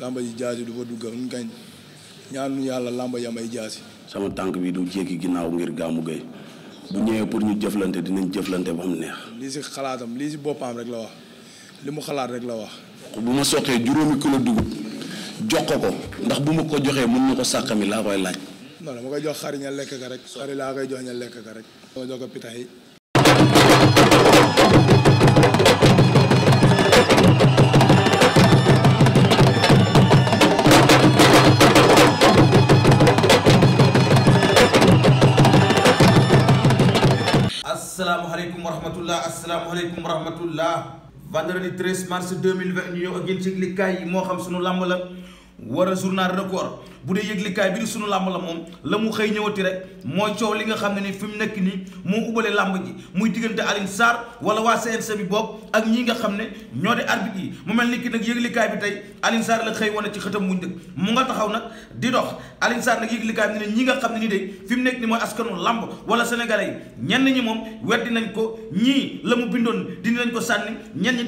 lamba ji jaasi du fa duggal ñu gañ ñaanu yàlla lamba yi am ay jaasi. sama tànk bi du jéggi ginnaaw ngir gàmmu gay bu ñëwee pour ñu jëflante dinañ jëflante ba mu neex. lii si xalaatam lii si boppam rek la wax li mu xalaat rek la wax. bu ma soqee juróomi kilo dugub jox ko ko ndax bu ma ko joxee mën na ko sàkkami laa koy laaj. non dama koy jox xari lekk ka rek. xari laa koy jox ña lekk ka rek. ma jox ko pitax yi. asalaamaaleykum wa rahmatullah vendredi 13 mars 2020 ñu ñëw ak yéen ci yëglikaay yi moo xam sunu làmb la war a journal record bu dee yëglikaay bi di sunu làmb la moom la mu xëy ñëwati rek mooy coow li nga xam ne ni fi mu nekk nii moo ubale làmb ji muy diggante Alioune Sarr wala waa CNC bi bokk ak ñi nga xam ne ñoo di arbitre yi mu mel ni ki nag yëglikaay bi tey Alioune Sarr la xëy wane ci xëtam mu njëkk mu nga taxaw nag di dox Alioune Sarr nag yëglikaay bi ne ñi nga xam ne ni day fi mu nekk ni mooy askanu làmb wala sénégalais yi ñenn ñi moom weddi nañ ko ñii la mu bindoon dindi nañ ko sànni ñenn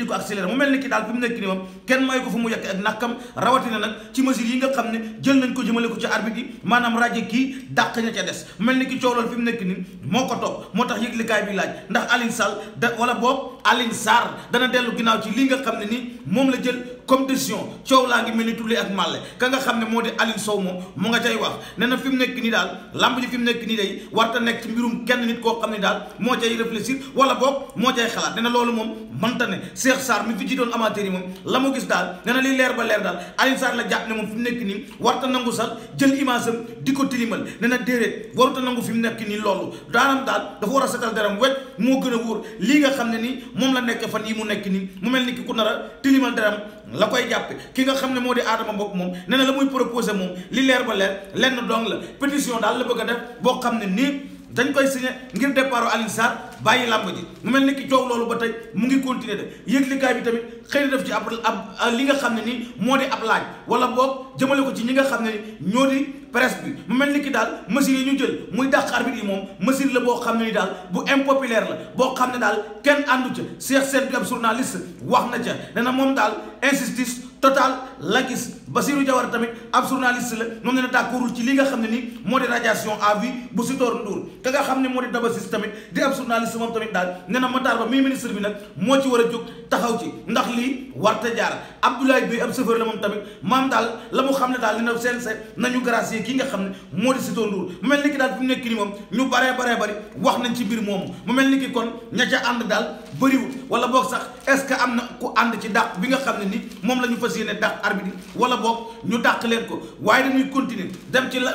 mu mel ni ki daal fi mu nekk ni moom kenn may ko fu mu yekk ak nàkkam rawatina nag ci mesure yi nga xam ne jël nañ ko ko jëmale ko ci arbitre yi maanaam raje kii dàq ña ca des mel ni ki coow loolu mu nekk nii moo ko topp moo tax yëglikaay bi laaj ndax Alioune Sall da wala boobu Alioune Sarr dana dellu ginnaaw ci lii nga xam ne ni moom la jël comme décision coow laa ngi mel ni tulli ak màlle ka nga xam ne moo di Alioune Sow moom mu nga cay wax ne na fi mu nekk nii daal lamb ji fi mu nekk nii day warta nekk ci mbirum kenn nit koo xam ne daal moo cay réfléchir wala boog moo cay xalaat ne na loolu moom mënta ne Cheikh mu mi fi ji doon amateur yi moom la mu gis daal ne na li leer ba leer daal Alioune Sarr la jàpp ne moom fi nekk nii warta nangu sax jël image di ko tilimal ne na déedéet waruta nangu fi mu nekk nii loolu daanam daal dafa war a setal deram wecc moo gën a wóor lii nga xam ne nii moom la nekk fan yi mu nekk nii mu mel ni ki ku nar a tilimal deram la koy jàppe ki nga xam ne moo di aadama bopp moom nee na la muy proposé moom li leer ba leer lenn dong la pétition daal la bëgg a def boo xam ne nii dañ koy signé ngir départu Alioune Sarr bàyyi làmb ji mu mel ni ki coow loolu ba tey mu ngi continuer de yëglikaay bi tamit xëy na def ci ab ab li nga xam ne nii moo di ab laaj wala boog jëmale ko ci ñi nga xam ne ni ñoo di presse bi mu mel ni ki daal mesures yi ñu jël muy dàq bi yi moom mesure la boo xam ne ni daal bu impopulaire la boo xam ne daal kenn àndu ca Cheikh Sène bi ab journaliste wax na ca nee na moom daal injustice total la gis Basirou Jawar tamit ab journaliste la moom ne na d'accordul ci li nga xam ne nii moo di radiation à vie bu Sitor Ndour ka nga xam ne moo di dabasis tamit di ab journaliste moom tamit daal ne na Matar Ba mii ministre bi nag moo ci war a jóg taxaw ci ndax lii warta jaar Abdoulaye Bey ab chauffeur la moom tamit maam daal la mu xam ne daal li na seen seet nañu gracier ki nga xam ne moo di Sitor Ndour mu mel ni ki daal fi mu nekk nii moom ñu baree baree bari wax nañ ci mbir moomu mu mel na ku ànd bi nga xam ne ni moom la fas yéene dàq arbitre bi wala boog ñu dàq leen ko waaye dañuy continuer dem ci la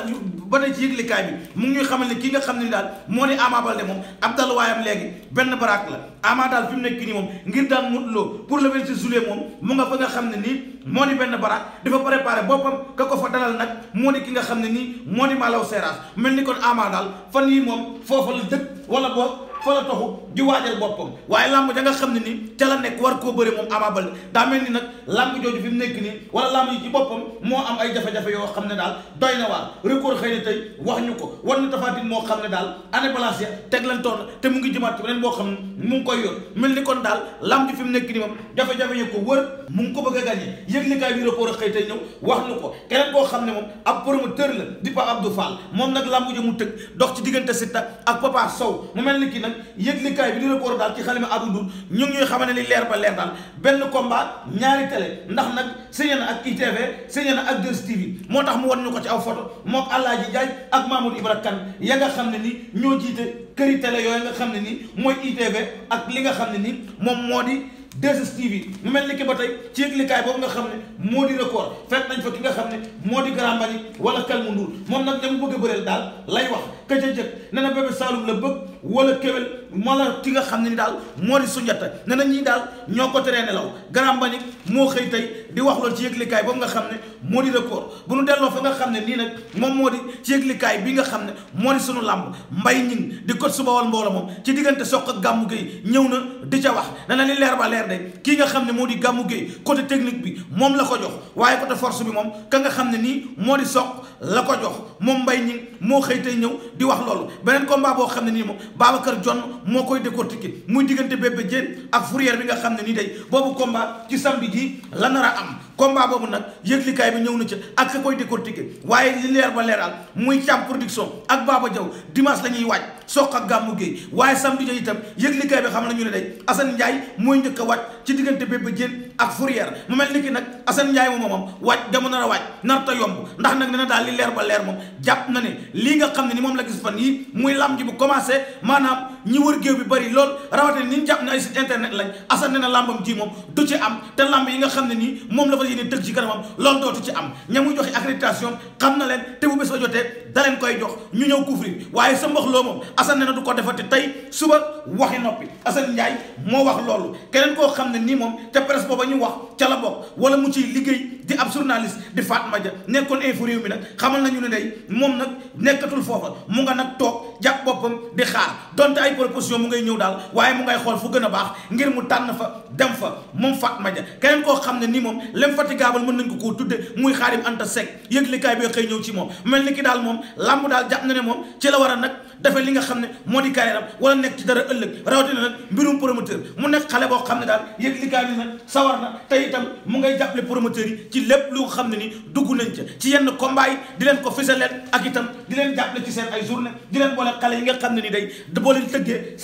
ba ne ci yëglikaay bi mu ngi ñuy xamal ne ki nga xam ne daal moo ne Ama Baldé moom ab dalwaayam léegi benn baraak la Ama daal fi mu nekk nii moom ngir daan Modou pour le 26 juillet moom mu nga fa nga xam ne nii moo di benn baraak dafa préparé boppam ka ko fa dalal nag moo di ki nga xam ne nii moo di Malaw Seras mel ni kon Ama daal fan yii moom foofa la dëkk wala boog. fa la taxu di waajal boppam waaye làmb ja nga xam ne ni ca la nekk war koo bëri moom Ama Baldé daa mel ni nag làmb jooju fi mu nekk nii wala làmb yi ci boppam moo am ay jafe-jafe yoo xam ne daal doy na waar record xëy wax ñu ko war na tafaatin moo xam ne daal année blanche ya teg leen toon te mu ngi jëmaat ci beneen boo xam ne mu ngi koy yor mel ni kon daal lam ji fi mu nekk nii moom jafe-jafe yi ko wër mu ngi ko bëgg a gagné yëglikaay bi rapport xëy tey ñëw wax nu ko keneen koo xam ne moom ab promoteur la di Pape Abdou Fall moom nag lambu ja mu tëgg dox ci diggante Siteu ak Papa Sow mu mel ni kii nag yëglikaay bi di rapport daal ci xale mi adundu ñu ngi ñuy xam ne li leer ba leer daal benn combat ñaari télé ndax nag signé na ak ITV signé na ak 2STV moo tax mu wan ñu ko ci aw photo mook Alaaji Jaaj ak Mamadou Ibra Kane ya nga xam ne ni ñoo jiite këri télé yooyu nga xam ne ni mooy ITV ak li nga xam ne ni moom moo di 2STV mu mel ni ki ba tey ci yëglikaay boobu nga xam ne moo di record fekk nañ fa ki nga xam ne moo di Grand Mbagnick wala Kalmu Ndour moom nag ña mu bëgg a bëreel daal lay wax ka ca jëkk nee na Bébé Saloum la bëgg wala kéwél mala ki nga xam ne ni daal moo di sunjata ne na ñii daal ñoo ko teree nelaw Grand Mbagnick moo xëy tey di wax loolu ci yëglikaay boobu nga xam ne moo di record bu nu delloo fa nga xam ne nii nag moom moo di ci yëglikaay nga xam ne moo di sunu làmb mbay ñing di kot su bawal mbooloo moom ci diggante soq ak gàmmu géey ñëw na di ca wax ne leer ba leer kii nga xam ne moo di gàmmu géey côté technique bi moom la ko jox waaye côté force bi moom ka nga xam ne nii moo di soq la ko jox moom mbay ñing moo xëy tey ñëw di wax loolu beneen combat boo xam ne nii moom Babacar Dione moo koy décortiquer muy diggante Bébé Diène ak Fourrière bi nga xam ne nii day boobu combat ci samedi ji la nar a am combat boobu nag yëglikaay bi ñëw na ca ak ka koy décortiquer waaye li leer ba leeral muy càmm production ak Baba Diaw dimanche la ñuy waaj soq ak gàmmu géey waaye samedi jo itam yëglikaay bi xam ne day Assane Ndiaye mooy njëkk a waaj ci diggante Bébé Diène ak Fourrière mu mel ni ki nag Assane Ndiaye moom moom waaj jamono a waaj narta yomb ndax nag dina daal li leer ba leer moom jàpp na ne nga xam ne ni moom la gis fan yii muy lamb ji bu commencé maanaam ñi wër géew bi bari lool rawatina ni ñu jàpp ne ay site internet lañ Assane ne na lambam ji moom du ci am te lamb yi nga xam ne nii moom la fa yéene dëgg ci kanamam loolu dootu ci am ña muy joxe accréditation xam na leen te bu bés ba jotee da koy jox ñu ñëw couvrir waaye sa mbax loo moom Assane ne na du ko defati tey suba waxi noppi Assane Ndiaye moo wax loolu keneen koo xam ne nii moom te presse booba ñu wax ca la bokk wala mu ciy liggéey di ab journaliste di Fatma Dia nekkoon info réew mi nag xamal nañu ne day moom nag nekkatul foofa mu nga nag toog jàpp boppam di xaar donte ay proposition mu ngay ñëw daal waaye mu ngay xool fu gën a baax ngir mu tànn fa dem fa moom Fatma Dia keneen koo xam ne ni moom lem infatigable mën nañ ko koo tudde muy xaarim anta sec yëglikaay bi xëy ñëw ci moom mel ni ki daal moom làmb daal jàpp na ne moom ci la war a nag defee li nga xam ne moo di carrière am wala nekk ci dara ëllëg rawatina nag mbirum promoteur mu nekk xale boo xam ne daal yëglikaay bi nag sawar na te itam mu ngay jàppale promoteur yi ci lépp lu xam ne ni dugg nañ ca ci yenn combat yi di leen ko fësal leen ak itam di leen jàppale ci seen ay journée di leen boole xale yi nga xam ne ni day boo leen tëggee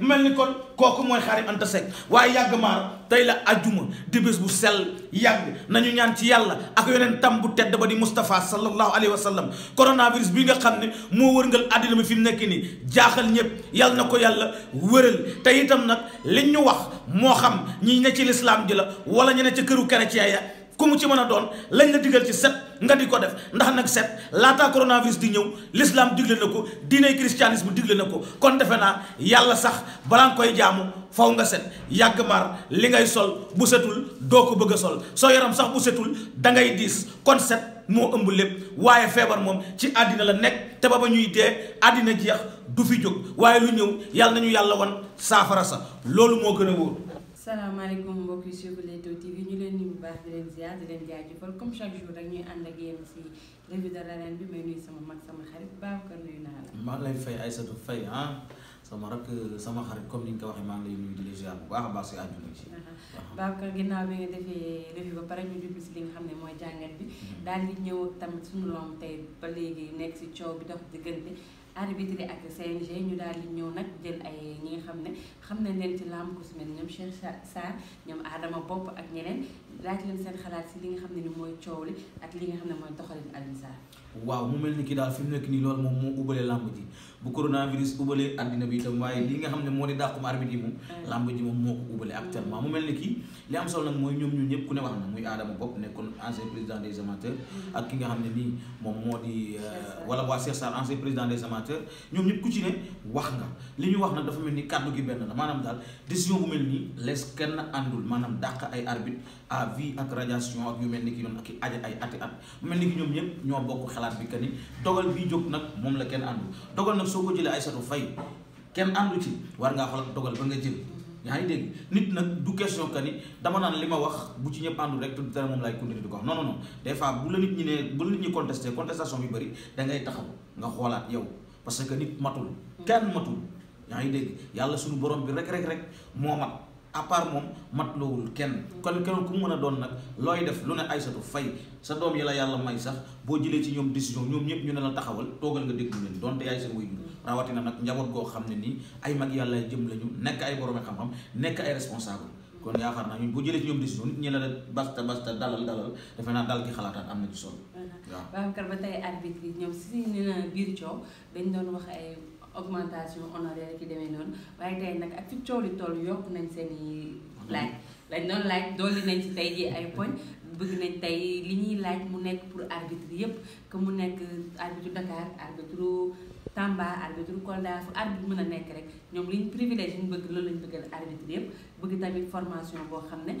mel ni kon kooku mooy Xadim Anta Seck waaye yàgg maar tey la ajjuma di bés bu sell yàgg nañu ñaan ci yàlla ak yeneen tam bu tedd ba di Moustapha sallallahu alayhi wa sallam coronavirus bi nga xam ne moo wërngal àddina bi fi mu nekk nii jaaxal ñëpp yàlla na ko yàlla wëral te itam nag liñ ñu wax moo xam ñi ne ci lislaam ji la wala ñu ca këru këru chrétien ya ku mu ci mën a doon lañ la digal ci set nga di ko def ndax nag set laata coronavirus di ñëw l'islam digle na ko diine christianisme digle na ko kon defe naa yàlla sax balaa nga koy jaamu faw nga set yàgg maar li ngay sol bu setul doo ko bëgg sol soo yaram sax bu setul da ngay diis kon set moo ëmb lépp waaye feebar moom ci àddina la nekk te ba ba ñuy dee àddina jeex du fi jóg waaye lu ñëw yàlla nañu yàlla wan saafara sax loolu moo gën a wóor salaamaaleykum mbokk yi suivre Leewtoo TV ñu leen nuyu bu baax di leen ziar di leen jaajëfal comme chaque jour rek ànd ak yéen si revue de l'arène bi may nuyu sama mag sama xarit Babacar nuyu naa la. maa ngi lay sa Aïssatou Faye ah sama rakk sama xarit comme ni nga ko waxee maa ngi lay nuyu di leen ziar bu baax a baax si àdduna ji. Babacar ginnaaw bi nga defee revue ba pare ñu jublu si li nga xam ne mooy jàngat bi hmm. daal di ñëw tamit suñu lom tey ba léegi nekk si coow bi dox diggante. arbitre ak CNG ñu daal di ñëw nag jël ay ñi nga xam ne xam nañ leen ci làmb ku si mel ñoom Cheikh Sarr ñoom aadama Bopp ak ñeneen laaj leen seen xalaat si li nga xam ne ni mooy coow li ak li nga xam ne mooy doxalin Alioune Sarr waaw mu mel ni ki daal fi mu nekk nii loolu moom moo ubbale làmb ji bu coronavirus ubbalee àddina bi itam waaye li nga xam ne moo di dàqum arbitre yi moom mm. làmb ji moom moo ko ubbale actuellement mu ne wax na muy Adama Bopp nekkoon ancien président des amateurs mm. ak ki euh, li ñu wax nag dafa mel ni kàddu gi benn la maanaam daal décision bu mel nii les kenn àndul maanaam dàq ay arbitre à vie yu mel ni ki noonu ak i aja ay ati at mu mel ni ki ñoom ñëpp ñoo bokk xalaat bi que ni dogal bii jóg nag moom la kenn àndu dogal nag soo ko jëlee Aïssatou Faye kenn àndu ba nga jël yaa ngi dégg nit nag du question que ni dama naan li ma wax bu ci ñëpp àndul rek tudd dara moom laay continuer di ko wax non non non des fois bu la nit ñi ne bu la nit ñi contesté contestation bi bëri da ngay taxaw nga xoolaat yow parce que nit matul kenn matul yaa ngi dégg yàlla suñu borom bi rek rek rek moo mat à part moom matloowul kenn kon kenn ku mën a doon nag looy def lu ne Aysatu Fay sa doom yi la yàlla may sax boo jëlee ci ñoom décision ñoom ñëpp ñu ne la taxawal toogal nga déglu leen donte yaay seen waajur rawatina nag njaboot goo xam ne nii ay mag yàlla jëm lañu nekk ay borom xam-xam nekk ay responsable kon yaakaar naa ñun boo jëlee ci basta basta dalal dalal defe naa dal ki xalaataat am na ci solo. waaw Babacar ba tey arbitre bi ñoom si ñu ne biir coow dañ doon wax ay. augmentation honoraire ki demee noonu waaye tey nag ak fi coow li toll yokk nañ seen i laaj lañ doon laaj dolli nañ ci tey ji ay poñ bëgg nañ tey li ñuy laaj mu nekk pour arbitre yépp que mu nekk arbitre Dakar arbitre Tamba arbitre Kolda fu arbitre mën a nekk rek ñoom liñ privilège ñu bëgg loolu lañ bëggal arbitre yépp bëgg tamit formation boo xam ne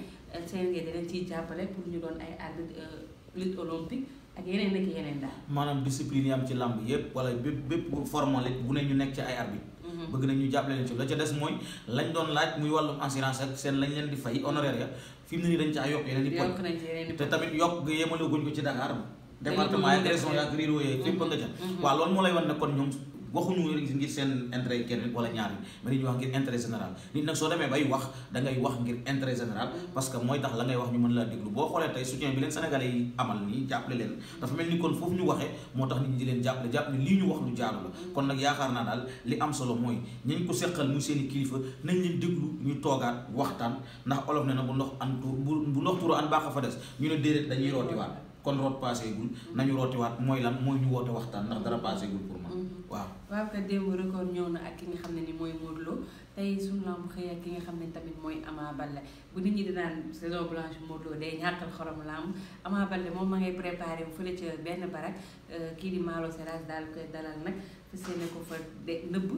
CNG dinañ ciy jàppale pour ñu doon ay arbitre euh, lutte olympique ak yeneen ak yeneen daal. maanaam discipline yi am ci làmb yépp wala bépp bépp formalité bu ne ñu nekk ci ay arbitre. Mhm. bëgg nañ ñu jàppale leen ci la ca des mooy lañ doon laaj muy wàllum assurance ak seen lañ leen di fay honoraire ya fi ne nii dañ caa yokk yeneen di poñ te tamit yokk yemale guñ ko ci Dakar département ak région ak réew yooyu fépp nga ca mhm. waaw loolu moo lay wan ne ñoom waxuñu ngir seen intérêt kenn wala ñaar mais dañuy wax ngir intérêt général nit nag soo demee bay wax da ngay wax ngir intérêt général parce que mooy tax la ngay wax ñu mën laa déglu boo xoolee tey soutien bi leen sénégalais yi amal nii jàppale leen dafa mel ni kon foofu ñu waxee moo tax nit ñi di leen jàppale jàpp ni lii ñu wax lu jaaru la kon nag yaakaar naa daal li am solo mooy ñañ ko seqal muy seen i kilifa nañ leen déglu ñu toogaat waxtaan ndax olof ne na bu ndox an bu ndox tuuru an baax a fa des ñu ne déedéet dañuy rootiwaat kon root passé gul nañu rootiwaat mooy lan mooy ñu woote waxtaan ndax dara passé gul pour waaw waaw ka démb record ñëw na ak ki nga xam ne ni mooy Modou Lo tey suñu lamb xëy ak ki nga xam ne tamit mooy Ama Baldé bu nit ñi dinaan saison blanche Modou Lo day ñàkkal xorom lamb Ama Baldé moom ma ngay préparé mu fële benn barak euh, kii di Malo Seras daal koy dalal nag fi seene ko fa de nëbb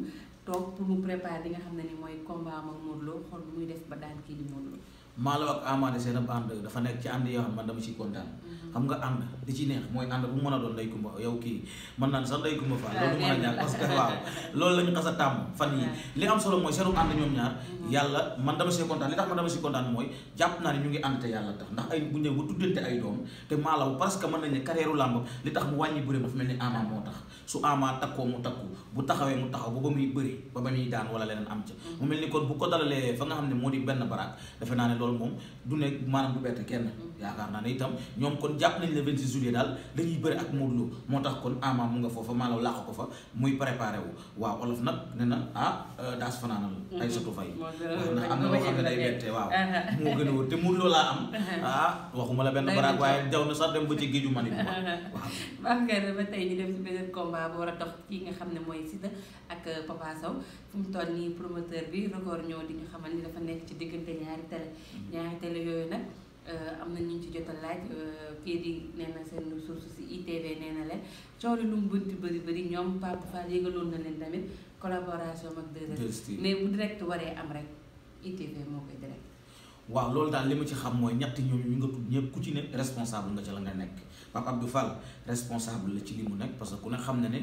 toog pour mu préparer li nga xam ne ni mooy combat am ak Modou muy def ba daan kii di Modou Lo Malo ak Ama de seen bande dafa nekk ci ànd yoo xam man dama ciy kontaan mm. xam nga ànd di ci neex mooy ànd bu mën a doon ndey kumba yow kii mën naan sax ndey kumba fa loolu mën a ñaar ah, la ñu xas a tàmm fan yi ah. li am solo mooy seenu ànd ñoom ñaar mm. yàlla man dama see kontaan li tax man dama si kontaan mooy jàpp naa ne ñu ngi ànd te yàlla tax ndax ay bu ñëw ba tuddante ay doom te maalaw parce que mën nañ ne làmb li tax mu wàññi bëri dafa mel ni ama moo tax su ama takkoo mu takku bu taxawee mu taxaw ba ba muy bëri ba ba wala leneen am ca mm. mu mel ni kon bu ko dalalee fa nga xam ne moo di benn baraak defe naa ne loolu moom ne maanaam du kenn mm. yaakaar naa ne itam ñoom kon jàpp nañ le 26 juillet daal dañuy bëri ak Modou Lo moo tax kon Ama mu nga foofa maalaw làq ko fa muy préparé wu waaw olof nag ne na ah euh, daas fanaanal ay sotu fay na am na loo xam ne day bette waaw uh-huh. moo gën a wóor te uh-huh. ah, la benn baraag waaye jaw sax dem ba ci géeju mani bi uh-huh. waaw maam nga ba tey ñu dem si beneen combat bu war a dox kii nga xam ne mooy Siteu ak euh, Papa Sow fu mu toll nii promoteur bi record ñoo di nga xamal ni dafa nekk ci diggante ñaari télé mm-hmm. ñaari télé yooyu nag Euh, am na ñu ci jot a laaj euh, kii di seen source si ITV nee na leen coow di lu mu bënti bëri bëri ñoom Pape Fall yëgaloon na leen tamit collaboration ak 2STV mais bu direct waree am rek ITV moo waaw loolu daal li ma ci xam mooy ñetti ñoom ñu nga tudd ñëpp ku ci ne responsable nga ca la nga nekk Pape Abdou Fall responsable la ci li mu nekk parce que ku ne xam ne ne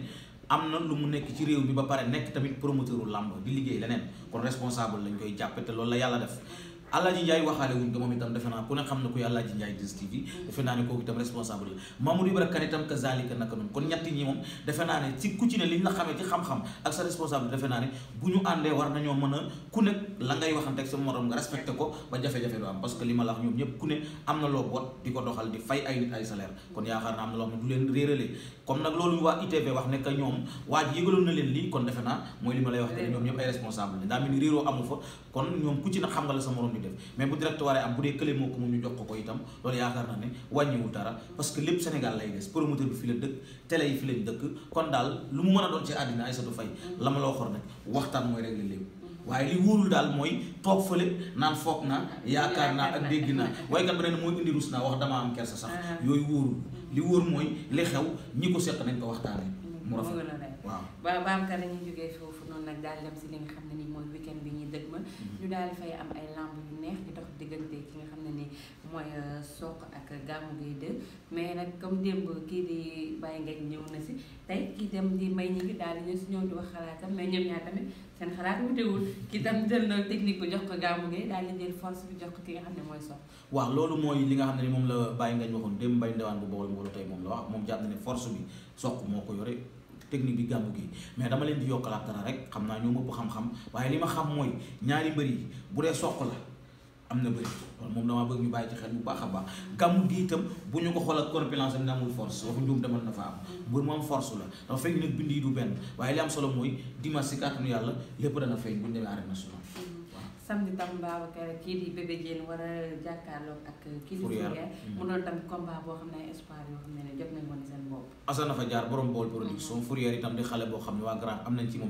am na lu mu nekk ci réew mi ba pare nekk tamit promoteuru làmb di liggéey leneen kon responsable lañ koy jàppe loolu la yàlla def Alaaji Ndiaye waxaale wuñ ko moom itam defe naa ku ne xam na kuy Alaaji Ndiaye 2STV defe naa ne kooku itam responsable la ma la di ko doxal di fay ay nit ay kon ñoom ku ci ne xam nga la sa morom muy def mais bu direct waree am bu dee kële moo ko moom ñu jox ko itam loolu yaakaar na ne wàññiwul dara parce que lépp Sénégal lay des promoteur bi fi dëkk télé yi fi dëkk kon daal lu mu mën a doon ci àddina Aïssatou Faye la ma la waxoon rek waxtaan mooy régler lépp waaye li daal mooy toog fële naan foog naa yaakaar naa ak dégg naa waykat ba nen mooy indi rus naa wax dama am kersa sax ah. yooyu wóorul li wóor mooy li xew ñi ko seq nañ ko waxtaanee mu rafet waaw ba baamka nañu jógee ñu daal di fay am ay lamb yu neex di dox diggante ki nga xam ne ni mooy euh, soq ak Gamou Gueye 2 mais nag comme démb kii di Baye ñëw na si kii dem di may ñi ngi daal di ñëw si ñoom di wax xalaatam mais ñoom ñaar tamit seen xalaat mu teewul kii tam jël na technique bi jox ko Gamou Gueye daal di jël force bi jox ki nga xam ne mooy Sokh waaw loolu mooy li nga xam ne ni moom la bàyyi Ngagne waxoon démb Baye Ndewane bu boole mbooloo tey moom la wax moom jàpp ne force bi Sokh moo ko yore technique bi gàmmu gi mais dama leen di yokkalaat dara rek xam naa ñoo mëpp xam-xam waaye li ma xam mooy ñaari mbër yi bu dee soq la am na bëri wala moom damaa bëgg ñu bàyyi ci xel bu baax a baax gàmmu gi itam bu ñu ko xool ak corpulence am na amul force waxu njuum demal na fa am mbër mu am force la dafa fekk nag bind yi du benn waaye li am solo mooy dimanche si kàttanu yàlla lépp dana feeñ bu ñu demee arène nationale samedi tam Babacar kii di Bébé Diène a jàkkaarloo ak. kii di Fourière mm-hmm. mu doon tam combat boo xam mm-hmm. di xale boo xam ne waa Grand am mm-hmm.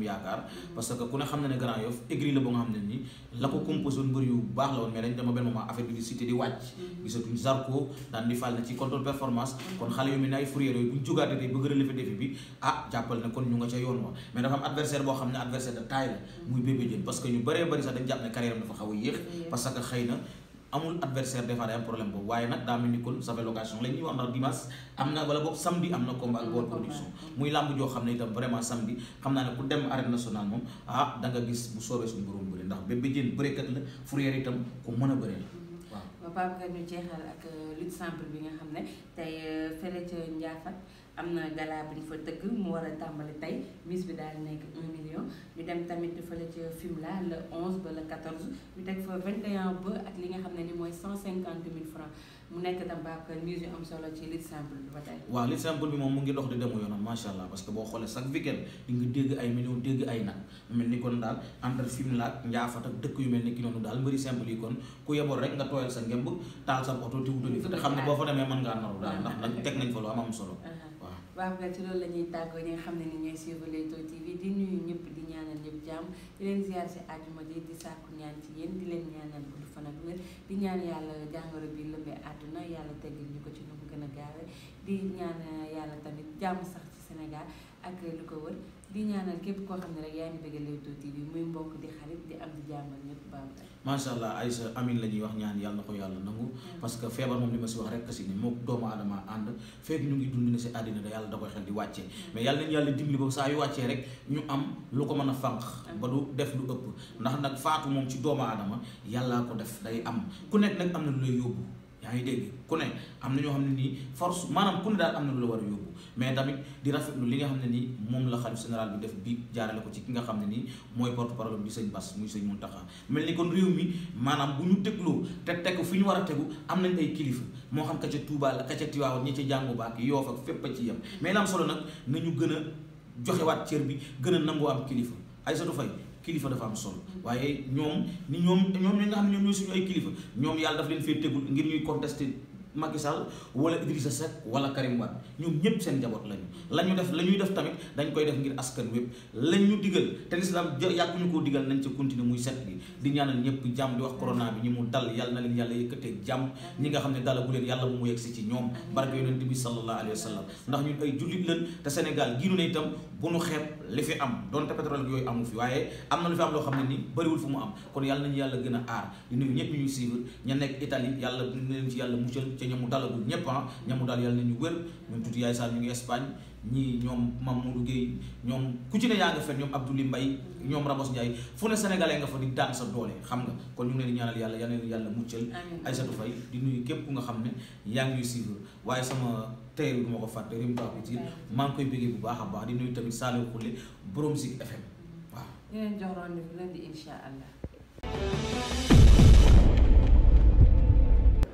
bi ah jàppal ne kon ñu nga ca yoon wa mais dafa am adversaire boo xam ne adversaire de taille la muy Bébé parce que ñu bëree bëri sax dañ jàpp ne carrière dafa xaw a yéex parce que xëy na amul adversaire des fois am problème boobu waaye nag daa mel ni kon save location la wax ndax dimanche am na wala boog samedi am na combat ak boor production muy làmb xam ne itam vraiment samedi xam naa ne ku dem arène moom ah da gis bu soobee suñu borom bëri ndax Bébé Diène bërekat la Fourrière itam ku mën a bëri la mhm. waaw. ba Pape nga ñu jeexal ak lutte simple bi nga xam ne tey euh, fële ca Ndiaffate am na gala bu ñu fa tëgg mu war a tàmbali tey mise bi daal nekk 1 million ñu dem tamit fële ca Fimela le 11 ba le 14 ñu teg fa 21 ba ak li nga xam mu nekk tam baax mise yu am solo ci moom mu ngi dox di dem yoonam macha allah parce boo xoolee chaque weekend di dégg ay millions dégg ay nag mel ni kon daal entre Fimela ak Ndiaffate ak dëkk yu mel ni ki noonu daal mbëri simple yi kon ku yeboon rek nga tooyal sa ngemb taal sa oto te wutali fi te xam ne boo fa demee mën ngaa naru daal ndax nag teg nañ fa lu am am waaw nga ci loolu la ñuy tàggoo ñi nga xam ne ni ñooy suivre Leewtoo TV di nuyu ñëpp di ñaanal ñëpp jàmm di leen ziar si àjjuma ji di sàkku ñaan ci yéen di leen ñaanal gudd fan ak wér di ñaan yàlla jàngoro bi lëmbee àdduna yàlla teggil ñu ko ci nu mu gën a gaawee di ñaan yàlla tamit jàmm sax ci Sénégal ak lu ko wër di ñaanal képp koo xam ne rek yaa ngi bëgg Leewtoo TV muy mbokk di xarit di am di jàmmal ñëpp baamutal macha allah Aïssa amin la ñuy wax ñaan yàlla na ko yàlla nangu mm. parce que feebar moom li ma si wax rek si ni moo doomu aadama ànd fekk ñu ngi dund ne si àddina da yàlla da koy xel di wàccee mm. mais yàlla nañu yàlla dimbali ba saa yu wàccee rek ñu am lu ko mën a fànq mm. ba du def lu ëpp ndax nag faatu moom ci doomu aadama yàllaa ko def day am ku nekk nag am na lu yaa ngi dégg ku ne am na ñoo xam ne nii force maanaam ku ne daal am na lu la war a yóbbu mais tamit di rafetlu li nga xam ne nii moom la xalif général bi def bi jaarale ko ci ki nga xam ne nii mooy porte parole bi sëñ Bass muy sëñ Mountakha mel ni kon réew mi maanaam bu ñu tegloo te tegu fi ñu war a tegu am nañ ay kilifa moo xam ka ca tuubaal ka ca Tiwaawan ñi ca jàngu baak yoo ak fépp a ci yem mais la am solo nag nañu gën a joxewaat cër bi gën a nangoo am kilifa Aïssatou Faye kilifa dafa am solo waaye ñoom ni ñoom ñoom ñi nga xam ne ñoom ñooy suñu ay kilifa ñoom yàlla daf leen fee tegul ngir ñuy contester Macky Sall wala Idrissa Seck wala Karim Wade ñoom ñëpp seen njaboot lañu la ñu def la ñuy def tamit dañ koy def ngir askan wépp lañ ñu digal te lislaam yàgg ñu koo digal nañ ca continuer muy set bi ñëpp jàmm di wax bi ñu mu dal yàlla na leen yàlla yëkkatee jàmm ñi nga xam ne dalagu leen yàlla bu mu yegsi ñoom barke yonent bi sallallahu alayhi wa sallam ndax ñun ay jullit lañ te Sénégal gii ñu ne itam bu am donte pétrole yooyu amu fi waaye am na loo xam ne ni bëriwul mu am kon yàlla nañu yàlla gën a aar di nuyu ñëpp ñu ñuy suivre ña nekk Italie yàlla leen ci yàlla muccal ca ñamu dalagul ñëpp ah ñamu dal yàlla na ñu wér ñoom tuuti yaay Sarr ñu ngi Espagne ñii ñoom Mamadou Guèye ñoom ku ci ne yaa nga fen ñoom Abdoulaye Mbaye ñoom Ramos Ndiaye fu ne sénégalais nga fa di daan sa doole xam nga kon ñu ngi ñaanal yàlla yal na leen yàlla muccal Aïssatou Faye di nuyu képp ku nga xam ne yaa ngi ñuy suivre waaye sama tey bi du ma ko fàtte rim tapitir maa ngi koy bëggee bu baax a baax di nuyu tamit Saliou Khoule borom Zik FM waaw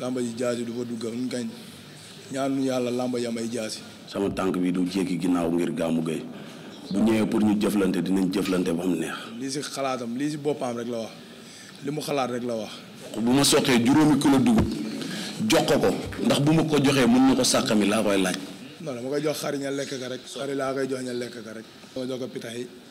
lamba ji jaasi du fa dugga nun kañ ñaanu yàlla lamba ji ay jaasi sama tànk bi du jékki ginnaaw ngir gàmmu gay bu ñëwee pour ñu jëflante dinañ jëflante ba am neex lii si xalaatam lii si boppam rek la wax li mu xalaat rek la wax bu ma soqee juróomi kilo dugub jox ko ko ndax bu ma ko joxee mën na ko sàkkami laa koy laaj non dama koy jox xari lekk ka rek xari laa koy jox ña lekk ka rek dama jox ko pitax yi